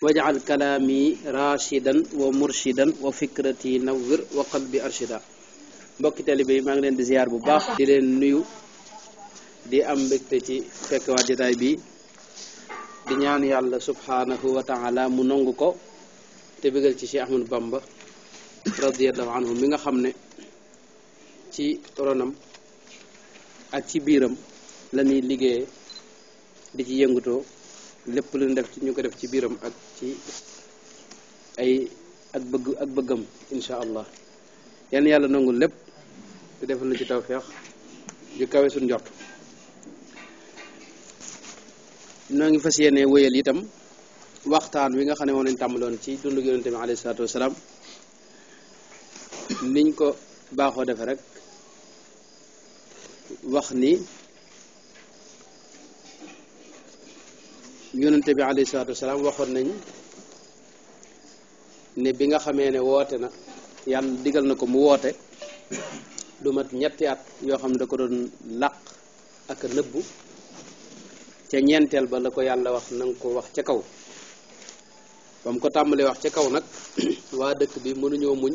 wajal kalaami rachidan wa murshidan wa fikrati nawwir wa qalbi arshida mbokki taalibe yi maa ngi leen di ziar bu baax di leen nuyu di am mbégte ci fekkwaat jotaay bi di ñaan yàlla subhanahu wa mu nongu ko te bëggal ci Cheikh Ahmadou Bamba radiallahu anhu mi nga xam ne ci ronam ak ci biiram lañuy ñuy liggéeye di ci yëngutoo lépp lu ñu def ci ñu ko def ci biiram ak ci ay ak bëgg ak bëggam insha allah yan yàlla nangul lépp te defal na ci tawféex yu kawe suñ njort noo ngi fas yéene wéyal itam waxtaan wi nga xam ne moom lañ tàmbaloon ci dundu yonente bi alayhi salaatu wasalaam niñ ko baaxoo defe rek wax ni yonente bi alayhi salaatu wasalaam waxoon nañ ne bi nga xamee ne woote na yàlla digal na ko mu woote lu mat ñetti at yoo xam ne da ko doon làq ak nëbbu ca ñeenteel ba la ko yàlla wax na nga ko wax ca kaw ba ko tàmbalee wax ca kaw nag waa dëkk bi mënuñoo muñ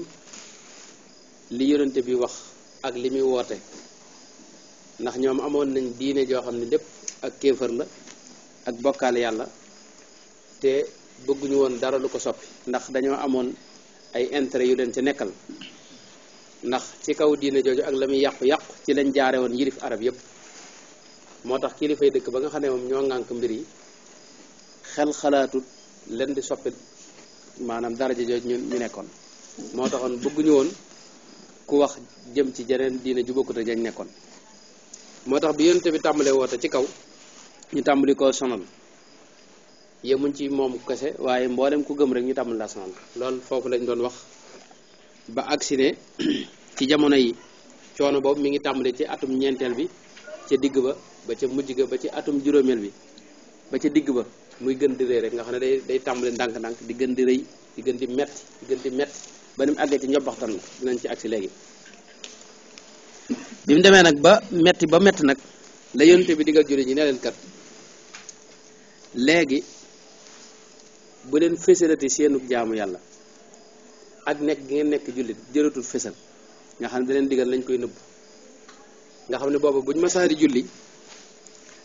li yonente bi wax ak li muy woote ndax ñoom amoon nañ diine joo xam ne dépp ak kéefër na ak bokkaale yàlla te bëgguñu won dara lu ko soppi ndax dañoo amoon ay intérêt yu leen ci nekkal ndax ci kaw diine jooju ak la muy yàqu-yàqu ci lañ jaare woon yilif arab yépp moo tax kilifay dëkk ba nga xam ne moom ñoo ŋànk mbir yi xel xalaatut leen di soppi maanaam daraja jooju ñu ñu nekkoon moo taxoon bëgguñu woon ku wax jëm ci jeneen diine ju bokkut nekkoon moo bi yonte bi tàmbalee woote ci kaw ñu tambali ko sonal yemuñ ci mom kese waye mbolem ku gëm rek ñu tambal la sonal lool fofu lañ doon wax ba agsi ci jamono yi coono bob mi ngi tambali ci atum ñentel bi ci digg ba ba ci mujj ga ba ci atum juromel bi ba ci digg ba muy gën di reey rek nga xam day day tambali ndànk-ndànk di gën di reey di gën di metti di gën di metti ba nim agge ci ñobax tan dinañ ci agsi legi bi demee nag ba metti ba metti nag la yonte bi digal jullit ñi ne leen kat léegi bu leen fësalati seenu jaamu yàlla ak nekk gi ngeen nekk jullit jëratul fësal nga xam ne beneen leen digal koy nëbb nga xam ne booba bu ñu masaari julli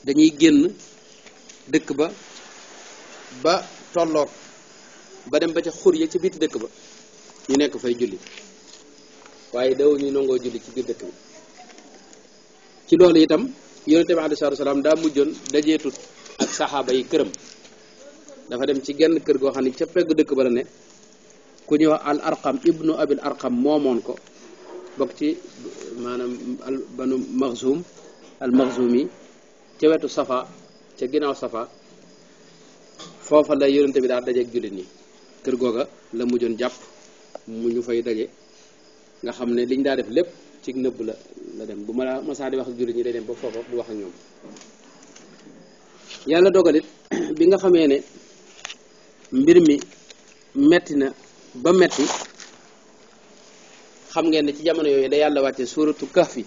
dañuy génn dëkk ba ba tolloog ba dem ba ca xur ya ci biiti dëkk ba ñu nekk fay julli waaye daw ñu nangoo julli ci biir dëkk bi ci loolu itam yonente bi alei salatu salaam daa mujjoon dajeetut ak saxaaba yi këram dafa dem ci genn kër goo xam ne ca peggu dëkk ba la ne ku ñëw al arqam ibnu abil arqam moomoon ko bokk ci maanaam al banu maxzum al maxzum yi ca wetu safa ca ginnaaw safa foofa la yonente bi daal dajeeg jullit ñi kër googa la mujjoon jàpp mu ñu fay daje nga xam ne li liñ daa def lépp ci nëbb la la dem bu ma la masaa di wax ak jullit ñi day dem ba foofa du wax ak ñoom yàlla dogalit bi nga xamee ne mbir mi metti na ba metti xam ngeen ne ci jamono yooyu da yàlla wàcce suuratu kahfi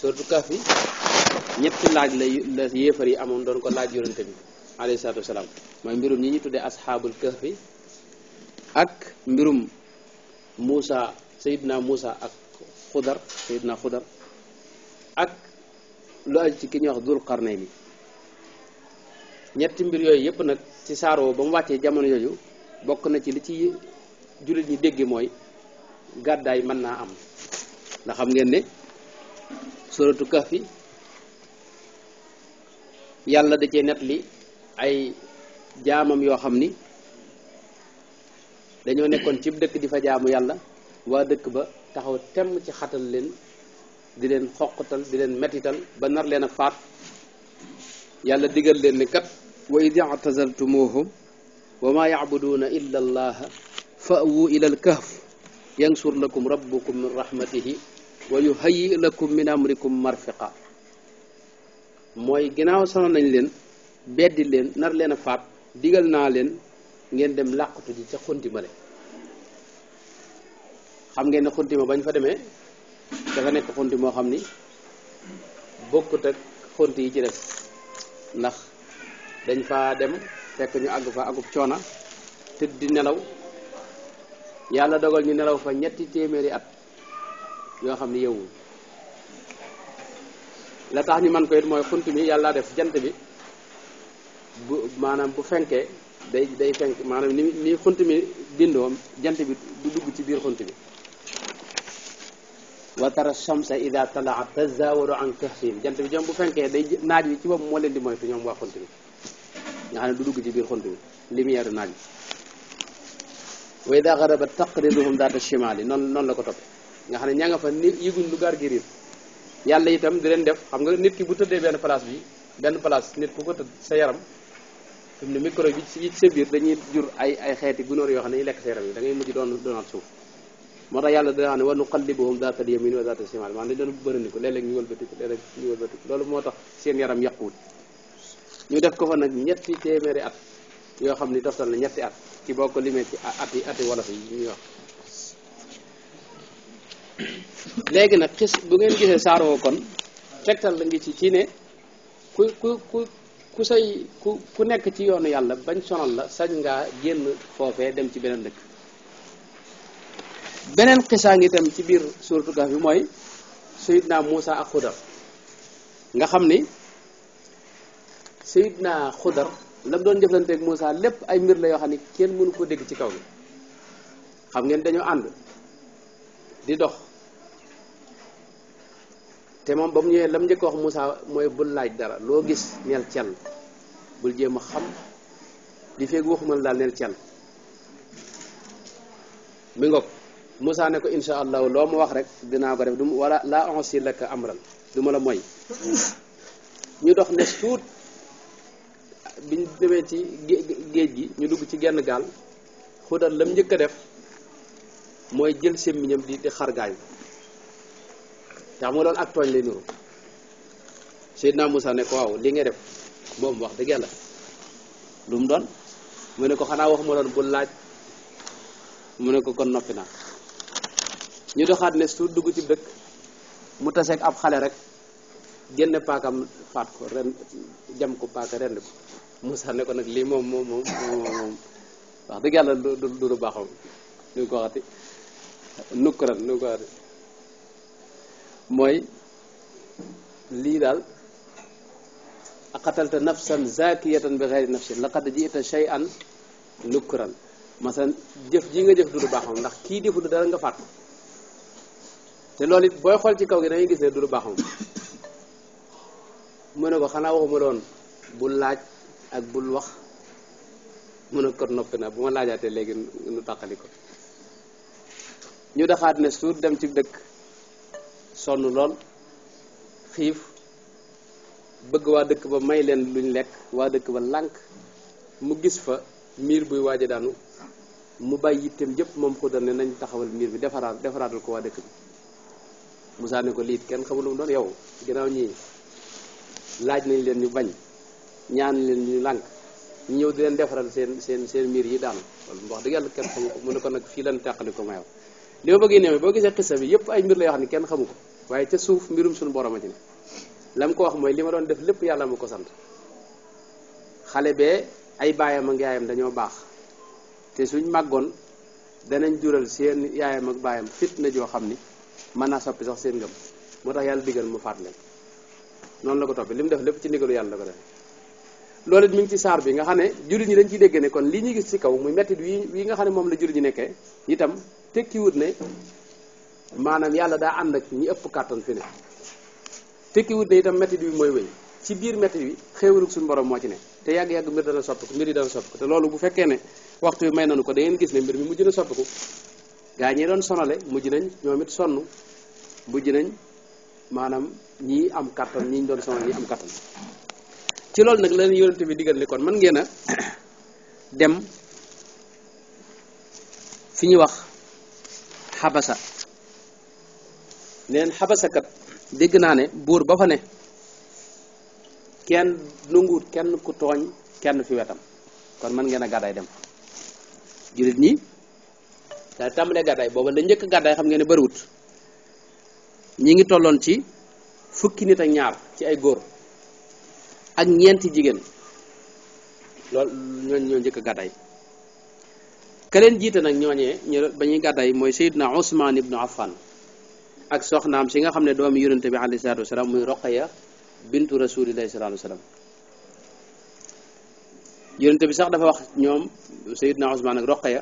suuratu kahfi ñetti laaj la la yéefar yi amoon doon ko laaj yonente bi alayhi salaatu wasalaam mooy mbirum ñi ñu tuddee asxaabul kahfi ak mbirum Moussa na Moussa ak Xudar na Xudar ak lu aju ci ki ñuy wax dul xarnay ni ñetti mbir yooyu yëpp nag ci saaroo ba mu wàccee jamono yooyu bokk na ci li ci jullit ñi dégg mooy gàddaay mën naa am ndaxam ngeen ne suratu kahfi yàlla da cee net li ay jaamam yoo xam ni dañoo nekkoon cib dëkk di fa jaamu yàlla waa dëkk ba taxaw temm ci xatal leen di leen xoqtal di leen metital ba nar leen a faat yàlla digal leen ni wa id ictazaltumuuhum wa maa yacbuduuna illa allaha fa'wuu ila alkahf yansur lakum rabbukum min rahmatihi wa yuhayi lakum min amrikum marfiqa mooy ginnaaw sono nañ leen beddi leen nar leen a faat digal naa leen ngeen dem làqatu ji ca xuntimale xam ngeen ne xuntima bañ fa demee dafa nekk xunti moo xam ni bokkut ak xunti yi ci def ndax dañ fa dem fekk ñu àgg fa àggub coona tëdd di nelaw yàlla dogal ñu nelaw fa ñetti téeméeri at yoo xam ne yewwu la tax ñu man ko it mooy xunt mi yàlla def jant bi bu maanaam bu fenkee day day fenk maanaam ni ni xunt mi bindoo jant bi du dugg ci biir xunt bi wa tara shamsa ida talaat tazawaru an kahfihim jant bi ñoom bu fenkee day naaj bi ci bopp moo leen di moytu ñoom waa xunt bi nga xam ne du dugg ci biir xont bi lumière naaj bi wa ida garaba taqriduhum daata chimali noonu noonu la ko toppe nga xam ne ña nga fa ni yëguñ lu gaar gi riir yàlla itam di leen def xam nga nit ki bu tëddee benn place bi benn place nit ku ko tëdd sa yaram fi mu ne ci sa biir dañuy jur ay ay xeeti yoo xam ne dañuy lekk sa da ngay mujj doon doonaat suuf moo tax yàlla da xam ne wa nuqallibuhum daata al yamin wa daata shimal maanaam dañ doon bërëndiku léeg-léeg ñu wëlbatiku léeg-léeg ñu wëlbatiku loolu moo tax seen yaram yàquwut ñu def ko fa nag ñetti téeméeri at yoo xam ni toftal na ñetti at ci boo ko limee ci at ati wolof yi ñuy wax léegi nag xis bu ngeen gisee saaroo kon tegtal la ngi ci ci ne ku ku ku say ku nekk ci yoonu yàlla bañ sonal la sañ ngaa génn foofee dem ci beneen dëkk beneen xisaa ngi dem ci biir suurtu Kahf bi mooy Sayyidnaa Muusaa ak Xudar nga xam ni Seydina Xudar lam doon jëflanteeg Moussa lépp ay mbir la yoo xam ne kenn mënu ko dégg ci kaw gi xam ngeen dañoo ànd di dox te moom ba mu ñëwee lam njëkk wax Moussa mooy bul laaj dara loo gis neel cell bul jéem a xam li feeg waxuma daal neel cell mi ngoog musaa ne ko insha allahu loo ma wax rek dinaa ko def du wala laa onsi laka amran du ma la moy ñu dox ne suut bi ñu demee ci géej gi ñu dugg ci genn gaal xudar la njëkk a def mooy jël sémmiñam di di xargaañ te xam nga loolu ak tooñ lay nuru Seydina musaa ne ko waaw li nga def moom wax dëgg yàlla lu mu doon mu ne ko xanaa wax ma doon bu laaj mu ne ko kon noppi naa ñu doxaat ne su dugg ci dëkk mu taseeg ab xale rek génne paakam faat ko ren jam ko paaka rend ko Moussa ne ko nag lii moom moom moom moom wax dëgg yàlla du du du baaxoon nu ko waxati nukkuran lii daal aqatalta nafsan zakiyatan bi xeyri nafsin laqad ji'ta shay'an nukkuran masalan jëf ji nga jëf du du baaxoon ndax kii defu dara nga fàtt te loolu it booy xool ci kaw gi dangay gis ne du du baaxoon mu ne ko xanaa waxuma doon bu laaj ak bul wax mun a ko noppi na bu ma laajaatee léegi nu tàqali ko ñu daxaat ne suur dem ci dëkk sonn lool xiif bëgg waa dëkk ba may leen luñ lekk waa dëkk ba lànk mu gis fa miir buy waaj a daanu mu bàyyi yitteem yëpp moom xudar ne nañ taxawal miir bi defaraat defaraatal ko waa dëkk bi Moussa ne ko liit kenn xamul mu doon yow ginnaaw ñii laaj nañ leen ñu bañ ñaan leen ñu lànk ñu ñëw di leen defaral seen seen seen miir yi daanu loolu wax di yàlla kenn xamu ko mu ne ko nag fii lan teqali ko mayaw li ma bëggee néew boo gisee xissa bi yëpp ay mbir la yoo xam ne kenn xamu ko waaye ca suuf mbirum suñu borom a ci ko wax mooy li ma doon def lépp yàlla ma ko sant xale ay baayam ak yaayam dañoo baax te suñ màggoon danañ jural seen yaayam ak baayam fitna joo xam ni mën naa soppi sax seen ngëm moo tax yàlla digal mu faat leen noonu la ko toppee li mu def lépp ci ndigalu yàlla la ko def loolu it mi ngi ci saar bi nga xam ne jullit ñi dañ ciy dégg ne kon li ñu gis ci kaw muy mettit wi wi nga xam ne moom la jullit ñi nekkee itam tekkiwut ne maanaam yàlla daa ànd ak ñi ëpp kàttan fi ne tekkiwut ne itam mettit wi mooy wéy ci biir mettit wi xéewalug suñu borom moo ci ne te yàgg-yàgg mbir dana soppiku mbir yi dana soppiku te loolu bu fekkee ne waxtu may nanu ko da ngeen gis ne mbir mi mujj na soppiku gaa ñi doon sonale mujj nañ ñoom it sonn mujj nañ maanaam ñii am kattan ñi ñu doon sonal ñi am ci loolu nag lañu yonent bi digal li kon man ngeen a dem fi ñuy wax xabasa neen xabasakat dégg naa ne buur ba fa ne kenn nanguwut kenn ku tooñ kenn fi wetam kon mën ngeen a gàddaay dem jullit ñi daa tàmbalee gàddaay booba la njëkk gàddaay xam ngeen ne bariwut ñi ngi tolloon ci fukki nit ak ñaar ci ay góor ak ñeenti jigéen loolu ñoo ñoo njëkk a gàdday ka leen jiite nag ñooñee ñu ba ñuy gàdday mooy Seydina Ousmane ibnu Affan ak soxnaam si nga xam ne doomi yonente bi alayhi salatu wasalaam muy Roqaya bintu rasulillahi salatu wasalaam yonente bi sax dafa wax ñoom Seydina Ousmane ak Roqaya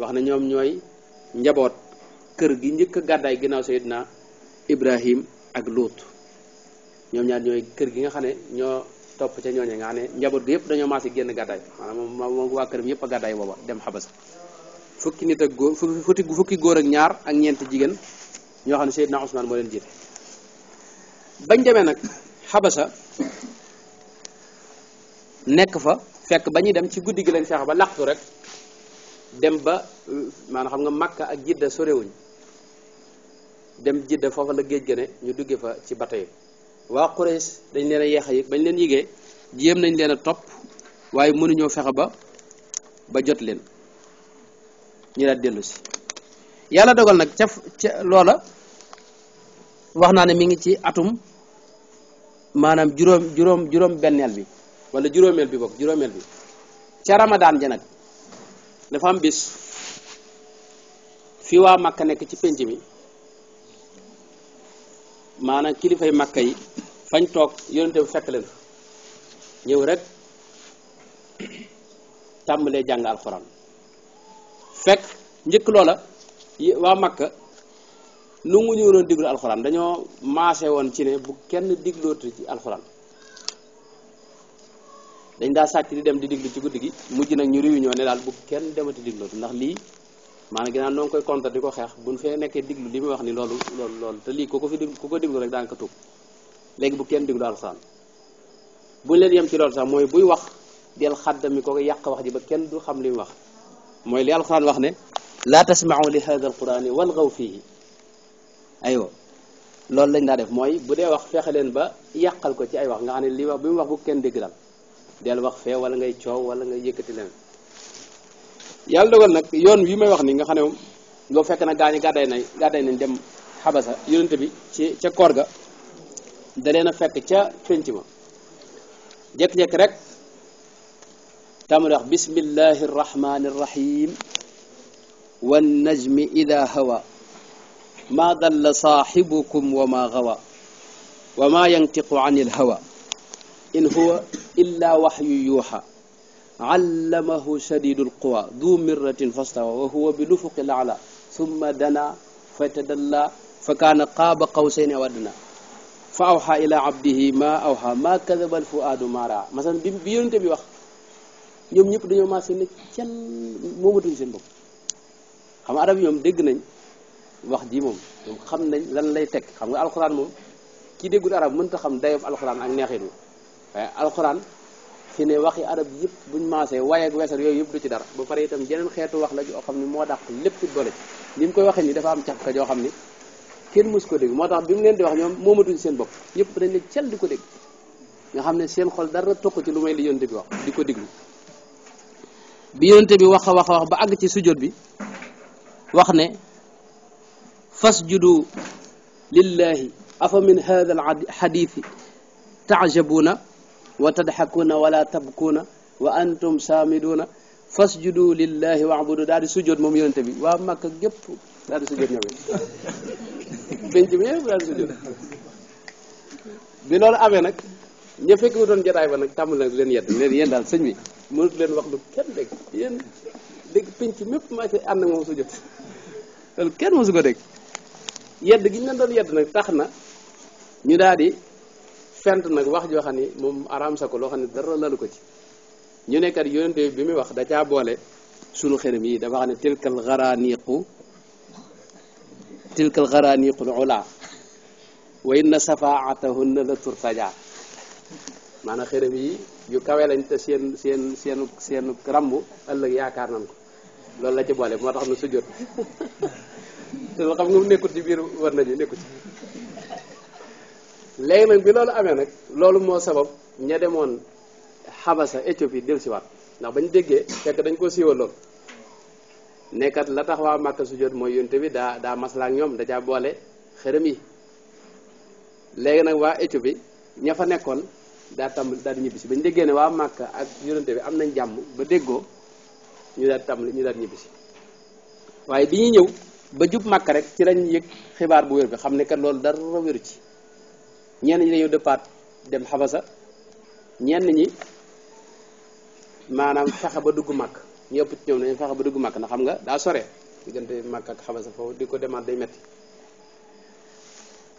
wax na ñoom ñooy njaboot kër gi njëkk a gàddaay ginnaaw Seydina Ibrahim ak Luut ñoom ñaar ñooy kër gi nga xam ne ñoo topp ca ñooñu nga xam ne njaboot gi yëpp dañoo maas yi génn gàddaay maanaam moom moom waa këram yëpp a gàddaay booba dem xabas fukki nit ak góor fukki fukki góor ak ñaar ak ñeenti jigéen ñoo xam ne Seydina Ousmane moo leen jiite bañ demee nag xabasa nekk fa fekk ba ñuy dem ci guddi gi lañ feex ba laqtu rek dem ba maanaam xam nga Makka ak Jidda sorewuñ dem Jidda foofa la géej gëne ñu duggee fa ci bateau waa Quraysh dañ leen a yeex a yëg bañ leen yëgee jéem nañ leen a topp waaye mënuñoo fexe ba ba jot leen ñu daal dellu si yàlla dogal nag ca ca loola wax naa ne mi ngi ci atum maanaam juróom juróom juróom benneel bi wala juróomeel bi bokk juróomeel bi ca ramadaan ja nag dafa am bis fi waa Makka nekk ci pénc mi maanaam kilifay makka yi fañ toog yonente bi fekk leen ñëw rek tàmbalee jàng alxuraan fekk njëkk loola waa makka nu mu ñu doon diglu alxuraan dañoo maase woon ci ne bu kenn diglootu ci alxuraan dañ daa sàcc di dem di diglu ci guddi gi mujj nag ñu réunion ne daal bu kenn demati diglootu ndax lii maanaam ginnaaw noo koy contre di ko xeex buñ fee nekkee diglu li mu wax ni loolu loolu loolu te lii ku ko fi dig ku ko diglu rek daanaka léegi bu kenn diglu alxuraan bu leen yem ci loolu sax mooy buy wax del xaddami ko yàq wax ji ba kenn du xam li mu wax mooy li alxuraan wax ne laa tasmau li hada alqurani fii ay aywa loolu lañ daa def mooy bu dee wax fexe leen ba yàqal ko ci ay wax nga xam ne li wax bi mu wax bu kenn dégg dal del wax fee wala ngay coow wala ngay yëkkati leen yàlla dogal nag yoon wi may wax ni nga xane ne moom loo fekk na gañu gaday nay gaday nañ dem habasa yoonte bi ci ci koor ga da leena a fekk ca pénc jek jekk rek tàmbali wax bismillahi rrahmani rrahim wan najmi idha hawa ma dalla sahibukum wa ma ghawa wa ma yantiqu anil hawa in huwa illa wahyu yuha علمه شديد القوى ذو مرة فاستوى وهو بالأفق الأعلى ثم دنا فتدلى فكان قاب قوسين ودنا فأوحى إلى عبده ما أوحى ما كذب الفؤاد ما رأى مثلا بيون تبي وخ يوم نيب دنيو ما سين كين مو مدري سين بوم خم يوم دغ نن وخ يوم خم نن لان لاي تك القران موم كي دغ عرب من دايف القران اك نيهيدو القران fi ne waxi arab yëpp buñ maasee way ak wessar yoy yëpp du ci dara bu pare itam jenen xeetu wax la joo xamni mo dakk lépp ci boole lim koy waxé ni dafa am caq jo xamni kenn mus ko deg motax bimu len di wax ñoom moomatuñ seen bop ñëpp dañ lay cel diko deg nga xam ne seen xol dara tok ci lu may li yonte bi wax diko ko déglu bi yonte bi wax a wax wax ba ag ci sujud bi wax ne fasjudu lillahi afa min hadha alhadith ta'jabuna wa tadxakuuna wala tabkuuna wa antum saamiduuna fasjudu lillahi wa'budu daal di sujjoot moom yonente bi waa Makka gépp daal di sujjoot ñoom it benn bi yëpp daal di sujjoot bi loolu amee nag ña fekk wu doon jotaay ba nag tàmbali leen yedd leen yéen daal sëñ bi mënut leen wax lu kenn dégg yéen dégg penc mépp maa ci ànd moom sujjoot kenn mosu ko dégg yedd gi ñu leen doon yedd nag tax na ñu daal fent nag wax joo xam ni moom araam sa ko loo ne dara lalu ko ci ñu ne kat yonent bi muy wax da caa boole sunu xërëm yi dafa xam ne tilkal xaraaniqu tilkal xaraaniqu ula wa inna safaatahunna la turtaja maanaam xërëm yi yu kawe lañ te seen seen seenu seenu rambu ëllëg yaakaar nañ ko loolu la ci boole moo tax nu sujjóot te xam nga mu nekkul ci biir war nañu nekkul ci léegi nag bi loolu amee nag loolu moo sabab ña demoon xabasa Éthiopie del siwaat ndax bañ déggee fekk dañ ko siiwal loolu nekkat la tax waa Màkka sujjóot mooy yonte bi daa daa maslaa ñoom da caa boole xërëm yi léegi nag waa Éthiopie ña fa nekkoon daa tam daal di ñibbisi bañ déggee ne waa Màkka ak yonte bi am nañ jàmm ba déggoo ñu daal tàmbali ñu daal ñibbisi waaye bi ñuy ñëw ba jub Màkka rek ci lañ yëg xibaar bu wér bi xam ne kat loolu dara wéru ci ñenn ñi dañoo dëppaat dem xabasa ñenn ñi maanaam fexe ba dugg màkk ñu ëpp ci ñoom dañuy fexe ba dugg màkk na xam nga daa sore diggante màkk ak xabasa foofu di ko demaat day metti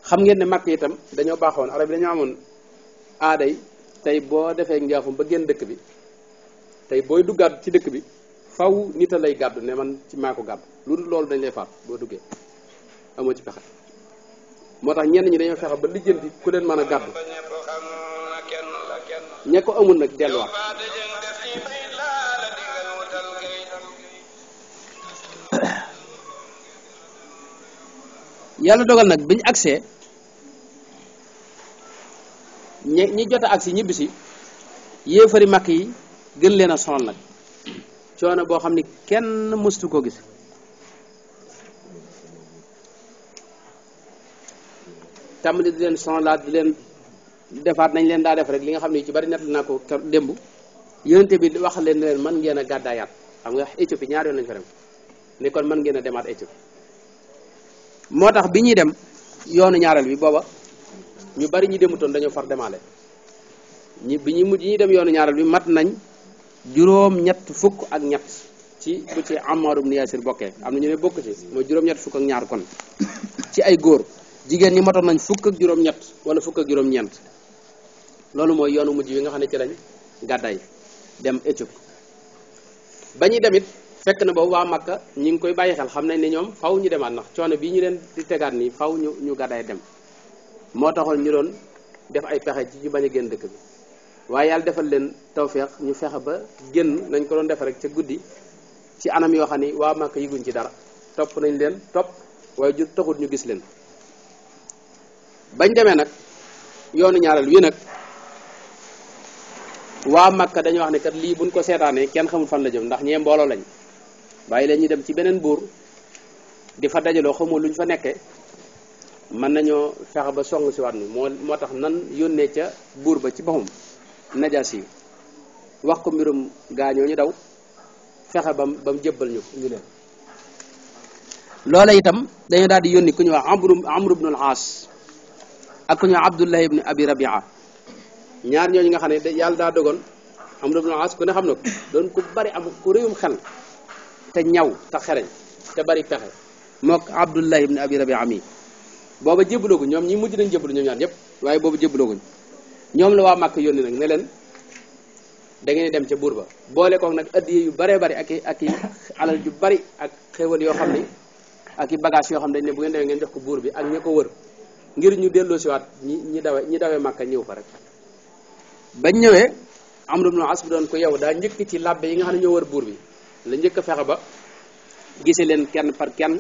xam ngeen ne màkk itam dañoo baaxoon arab yi dañoo amoon aaday tey boo defee njaafum ba génn dëkk bi tey booy duggaat ci dëkk bi faw nit a lay gàddu ne man ci maa ko gàddu lu loolu dañ lay faat boo duggee amoo ci pexe motax ñen ñi dañu fexé ba lijeenti ku leen mëna gadd ña amul nak delwa yalla dogal nak biñu accès ñi jotta jota accès ñibi yéfari makki gën leena son nak coono bo xamni kenn mustu ko gis tàmbali di leen sonlaat di leen defaat nañ leen daa def rek li nga xam ne ci bari nett naa ko démb yonente bi wax leen ne leen mën ngeen a gàddaayaat xam nga Éthiopie ñaar yoon lañ fa dem ne kon mën ngeen a demaat Éthiopie moo tax bi ñuy dem yoonu ñaareel bi booba ñu bari ñu demutoon dañoo far demaale ñi bi ñu mujj ñuy dem yoonu ñaareel bi mat nañ juróom-ñett fukk ak ñett ci bu ci Ammar ibn Yasir bokkee am na ñu ne bokk ci mooy juróom-ñett fukk ak ñaar kon ci ay góor jigéen ñi matoon nañ fukk ak juróom-ñett wala fukk ak juróom-ñeent loolu mooy yoonu mujj wi nga xam ne ci lañ gàddaay dem Éthiopie ba ñuy dem it fekk na boobu waa Makka ñi ngi koy bàyyi xel xam nañ ni ñoom faw ñu demaat ndax coono bii ñu leen di tegaat nii faw ñu ñu gàddaay dem moo taxoon ñu doon def ay pexe ci ñu bañ a génn dëkk bi waaye yàlla defal leen tawféex ñu fexe ba génn nañ ko doon defe rek ca guddi ci anam yoo xam ni waa Makka yëguñ ci dara topp nañ leen topp waaye ju taxut ñu gis leen bañ demee nag yoonu ñaareel wi nag waa Makka dañu wax ne kat lii buñ ko seetaanee kenn xamul fan la jëm ndax ñee mbooloo lañ waaye leen dem ci beneen buur di fa dajaloo xamul luñ fa nekkee mën nañoo fexe ba song si waat ni moo moo tax nan yónnee ca buur ba ci boppam najaas yi wax ko mbirum gaañoo ñu daw fexe bam ba mu jëbbal ñu ñu leen loola itam dañu daal di yónni ku ñu wax amru amru ibnul aas ak ku ñu abdullahi ibn abi rabia ñaar ñooñu nga xam ne yàlla daa dogoon amr ibn al-as ku ne xam na doon ku bari am ku réewum xel te ñaw te xereñ te bari pexe mook abdullahi ibn abi rabia mi booba jébbalooguñ ñoom ñi mujj nañ jébbalu ñoom ñaar ñëpp waaye booba jébbalooguñ ñoom la waa màkk yónni nag ne leen da dem ca buur ba boole koog nag addiye yu baree bari ak ak i alal yu bari ak xéewal yoo xam ne ak i bagage yoo xam ne ne bu ngeen demee ngeen jox ko buur bi ak ña ko wër ngir ñu delloo siwaat ñi ñi dawe ñi dawe màkka ñëw fa rek ba ñëwee amru ibnu as bu doon ko yow daa njëkk ci labbe yi nga xam ne ñoo wër buur bi la njëkk a fexe ba gise leen kenn par kenn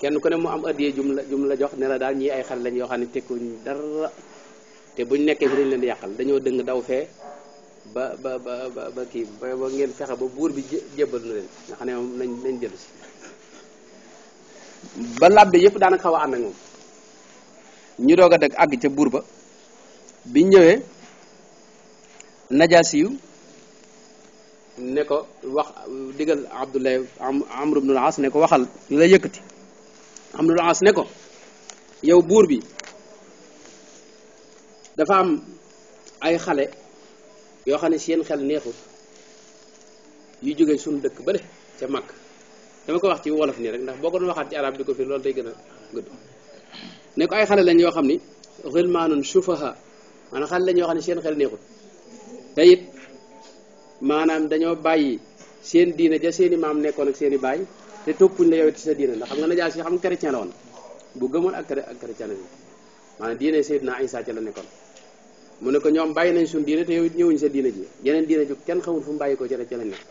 kenn ku ne mu am addiyee jum la jum la jox ne la daal ñii ay xale lañ yoo xam ne tekkuñ dara te buñ nekkee fi dañ leen yàqal dañoo dëng daw fee ba ba kii ba ngeen fexe ba buur bi jébbal na leen nga xam ne moom nañ nañ dellu si ba labbe yëpp daanaka xaw a ànd ak moom ñu doog a dëkk àgg ca buur ba bi ñëwee najaasiyu ne ko wax digal abdullahi amru bnul as ne ko waxal la yëkkati amru bnul as ne ko yow buur bi dafa am ay xale yoo xam ne seen xel neexul yu jóge sunu dëkk bële ca mag dama ko wax ci wolof nii rek ndax boo ko doon waxaat ci arab di ko fii loolu day gën a nga du ne ko ay xale lañ yoo xam ni xilmaanun sufaha maanaam xale lañ yoo xam ne seen xel neexut te it maanaam dañoo bàyyi seen diina ja seen i maam nekkoon ak seen i baay te toppuñ la yow ci sa diina ndax xam nga najaas yi xam nga chrétien la woon bu gëmoon ak ak yi bi maanaam diine Seydina Isa ca la nekkoon mu ne ko ñoom bàyyi nañ suñ diine te yow ñëwuñ sa diina ji yeneen diina ju kenn xamul fu mu bàyyi ko ca lañ nekk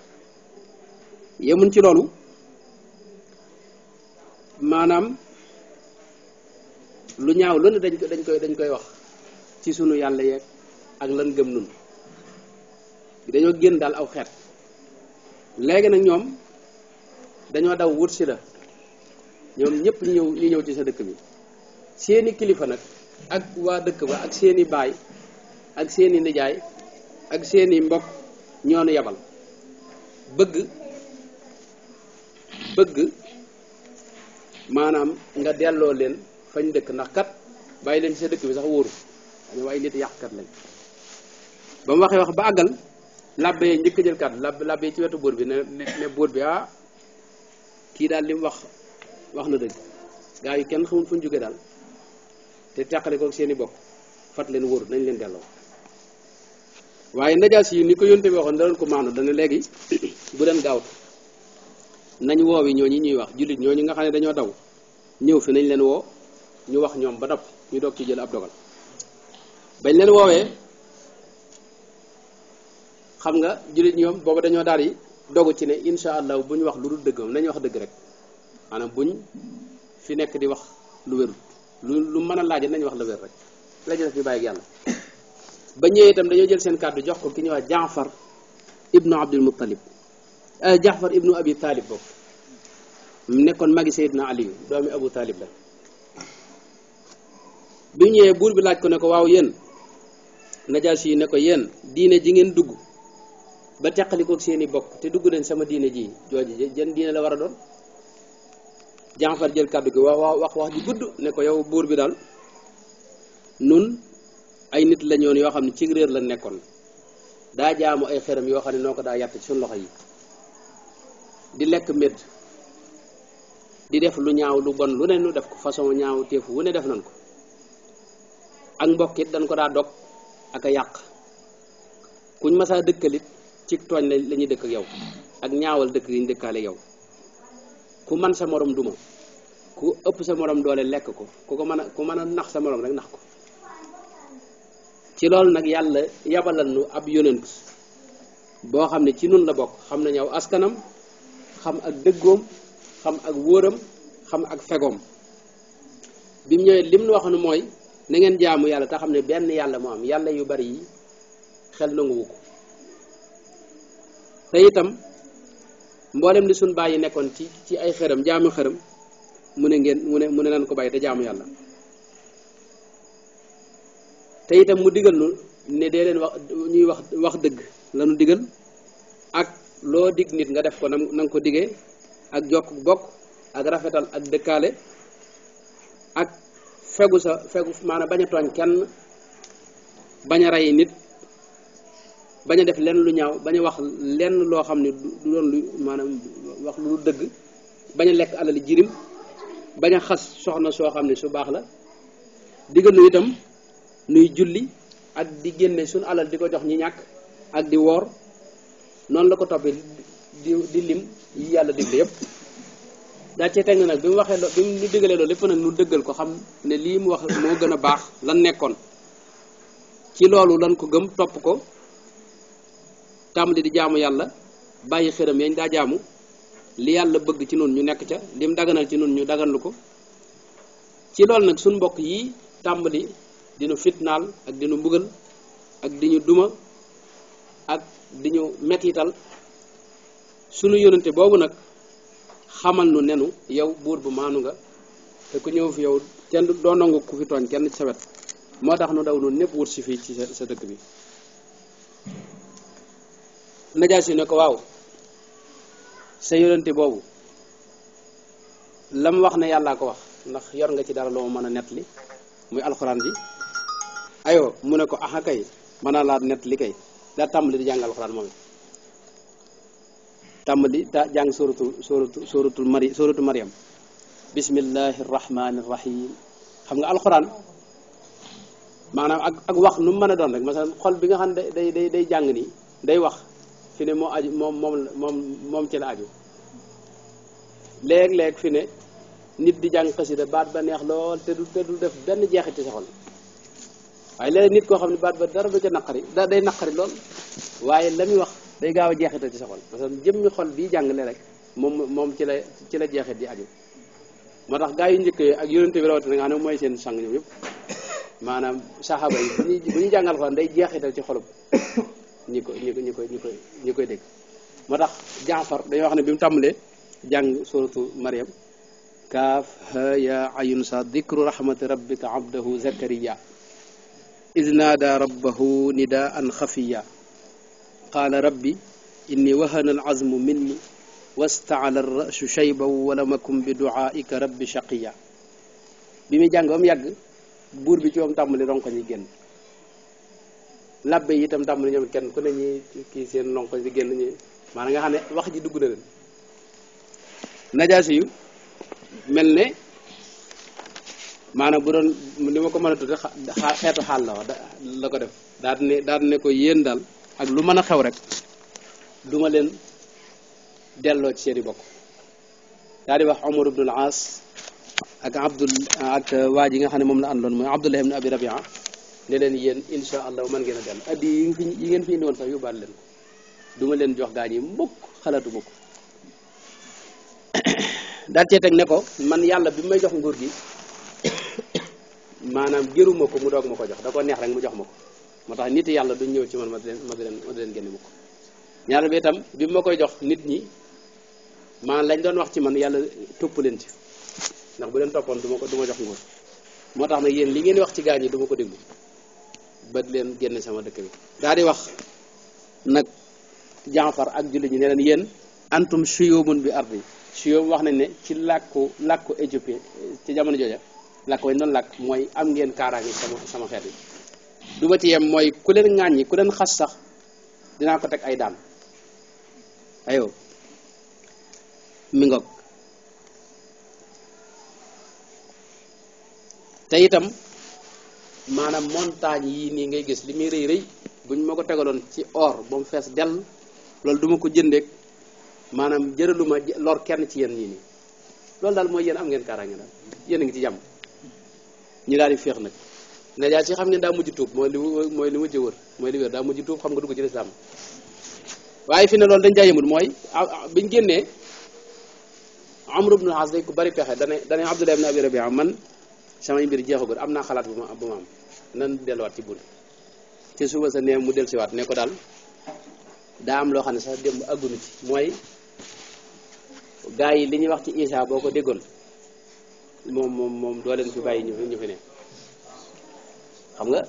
yemuñ ci loolu maanaam lu ñaaw lu ne dañ ko dañ koy dañ koy wax ci sunu yàlla yeeg ak lan gëm nun dañoo génn daal aw xeet léegi nag ñoom dañoo daw wut si la ñoom ñëpp ñu ñëw ñu ñëw ci sa dëkk bi seeni kilifa nag ak waa dëkk ba ak seeni baay ak seeni nijaay ak seeni mbokk ñoonu yabal bëgg bëgg maanaam nga delloo leen fañ dëkk ndax kat bàyyi leen sa dëkk bi sax wóoru dañu waaye nit yàqkat lañ ba mu waxee wax ba àggal labbe njëkk jël kat labbe labbe ci wetu buur bi ne ne buur bi ah kii daal li mu wax wax na dëgg gaa yi kenn xamul fu ñu jógee daal te càqale ko seen i bokk fat leen wóoru nañ leen delloo waaye najaas yi ni ko yónte bi waxoon danoon ko maanu dana léegi bu leen gaawtu nañ woowi ñooñu ñuy wax jullit ñooñu nga xam ne dañoo daw ñëw fi nañ leen woo ñu wax ñoom ba nopp ñu doog ci jël ab dogal bañ leen woowee xam nga jullit ñoom booba dañoo daal yi dogu ci ne insha allah bu ñu wax lu dul dëgg moom nañu wax dëgg rek maanaam buñ fi nekk di wax lu wérut lu lu mën a laaje nañu wax lu wér rek lañu def ñu bàyyi yàlla ba ñëwee itam dañoo jël seen kàddu jox ko ki ñuy wax jaafar ibnu abdul muttalib euh, jaafar ibnu abi taalib boobu nekkoon magi sayidna aliyu doomi abu taalib la bi ñëwee buur bi laaj ko ne ko waaw yéen najaasi yi ne ko yéen diine ji ngeen dugg ba teqali ko seen i bokk te dugg nañ sama diine ji jooju jën diine la war a doon Jaafar jël kàddu gi wax wax wax ji gudd ne ko yow buur bi daal nun ay nit la ñoon yoo xam ne ci la nekkoon daa jaamu ay xeram yoo xam ne noo ko daa yàq ci suñu loxo yi di lekk médd di def lu ñaaw lu bon lu ne nu def ko façon ñaaw teefu wu ne def nañ ko ak mbokkit it dañ ko daa dog ak a yàq kuñ masaa dëkkalit ci tooñ lañuy dëkk ak yow ak ñaawal dëkk yiñ ñu dëkkaale yow ku man sa moroom duma ku ëpp sa moroom doole lekk ko ku ko mën a ku mën a nax sa morom rek nax ko ci loolu nag yàlla yabalal nu ab yonent boo xam ne ci nun la bokk xam nañu aw askanam xam ak dëggoom xam ak wóoram xam ak fegoom bi mu ñëwee lim nu wax nu mooy na ngeen jaamu yàlla te xam ne benn yàlla moo am yàlla yu bari yi xel nanguwu ko te itam mboolem li suñ bàyyi nekkoon ci ci ay xërëm jaamu xërëm mu ne ngeen mu ne mu ne nan ko bàyyi te jaamu yàlla te itam mu digal nu ne dee leen wax ñuy wax wax dëgg lanu digal ak loo digg nit nga def ko na nga ko digee ak jokk bokk ak rafetal ak dëkkaale ak fegu sa fegu maanaam baña a kenn baña ray nit baña def lenn lu ñaaw baña wax lenn loo xam du doon lu maanaam wax lu dëgg lekk alali jirim baña a xas soxna soo xam ne su baax la digal nu itam nuy julli ak di génne sun alal di ko jox ñi ñàkk ak di woor noonu la ko toppee di lim yi yàlla digle yépp daa cee teg na nag bi mu waxee lo bi mu ñu digalee loolu lépp a nu dëggal ko xam ne lii mu wax moo gën a baax lan nekkoon ci loolu lan ko gëm topp ko tàmb li di jaamu yàlla bàyyi xëram yañ daa jaamu li yàlla bëgg ci noonu ñu nekk ca lim daganal ci noonu ñu daganlu ko ci loolu nag suñ mbokk yi tàmbali dinu fitnaal ak dinu mbugal ak di ñu duma ak di ñu metital sunu yónnante boobu nag xamal nu nenu yow buur bu maanu nga te ku ñëw fi yow kenn doo nangu ku fi tooñ kenn ci sa wet moo tax nu daw nu nepp wut si ci sa dëkk bi najaas ne ko waaw sa yonente boobu lam wax na yàllaa ko wax ndax yor nga ci dara loo mën a nett muy alxuraan bi ayo mu ne ko axa kay mën a laa nett kay daa tàmbali di jàng alxuraan moom tàmbali ta jàng suratul suratul suratul mari suratul mariam bismillahi rahmani rahim xam nga alxuraan maanaam ak ak wax nu mu mën a doon rek masalan xol bi nga xam ne day day day jàng nii day wax fi ne moo aju moom moom moom moom ci la aju léeg-léeg fi ne nit di jàng xasida baat ba neex lool te du def benn jeexit ci sa xol waaye léeg nit koo xam ne baat ba dara du ca naqari da day naqari lool waaye la muy wax day gaaw a jeexital ci sa xol parce que jëmmi xol bii ne rek moom moom ci la ci la jeexit di aju moo tax gaa yu njëkk ak yonente bi rawatina nga ne mooy seen sang ñoom yëpp maanaam sahaba yi bu ñu bu jàngal xol day jeexital ci xolub ñi ko ñi ko ñi ko ñi koy ñi koy dégg moo tax jaafar wax ne bi mu tàmbalee jàng suratu mariam kaf ha ya ayun sa dhikru rahmati rabbika abdahu zakariya iznada naada rabbahu nidaan khafiya qaala rabbi inni wahana alazmu minni wastaala alrasu shayban walam akun bi duaaika rabbi shaqiya bi muy jàng ba mu yàgg buur bi ci moom tàmbali ronko ñi génn yitam yi itam ñoom kenn ku ne ñi kii seen ronko ñi génn ñi maanaam nga xam ne wax ji dugg na leen najaasi mel ne maanaam bu doon ni ma ko mën a tudde xeetu xaal la wax ko def daal ne daal ne daal ak lu mën xew rek duma len delo ci seeni bokk dadi wax umar ibn al Aas ak Abdul ak waji nga xamne mom la andon moy Abdullah ibn Abi Rabia ne len yéen insha allah man ngeen dal adi yi ngeen fi indi won sax yóbbaale leen ko duma len jox gañi yi xalatu xalaatu dal ci tek ne ko man yàlla bi may jox ngor gi manam gëruma ko mu dog mako jox da ko neex rek mu jox mako motax nit yalla du ñew ci man ma leen ma leen ma leen genn ko ñaar bi tam bi ma koy jox nit ñi ma lañ doon wax ci man yalla topu leen ci ndax bu leen topon duma ko duma jox ngor motax na yeen li ngeen wax ci yi duma ko deggu ba leen genn sama dëkk bi daa di wax nak jaafar ak julli ñi neen yeen antum shuyumun bi ardi shuyum wax nañ ne ci lakku lakku éthiopie ci jamono jooja làkk non lak moy am ngeen karangi sama sama xeet yi du ma ci yem mooy ku leen ŋàññi ku leen xas sax dinaa ko teg ay daan ayo mi ngoog te itam maanaam montagne yi nii ngay gis li muy rëy rëy buñ ma ko tegaloon ci or ba mu fees del loolu duma ko jëndeeg maanaam jëraluma lor kenn ci yéen ñii nii loolu daal mooy yéen am ngeen kaaraange daal yéen ngi ci jàmm ñu daal di féex nag Najaasi xam ne daa mujj tuub mooy li mooy li mujj wër mooy li wër daa mujj tuub xam nga dugg ci lislaam waaye fi ne loolu dañ caa yëmul mooy biñ génnee Amr ibn al-As ku bari pexe dana dana Abdullah ibn Abi Rabia man samay mbir jeexagul am naa xalaat bu ma bu ma am nan delluwaat ci bunt ci suba sa nee mu del siwaat ne ko daal daa am loo xam ne sax démb aggunu ci mooy gaa yi li ñuy wax ci Isa boo ko déggoon moom moom moom doo leen fi bàyyi ñu ñu fi ne xam nga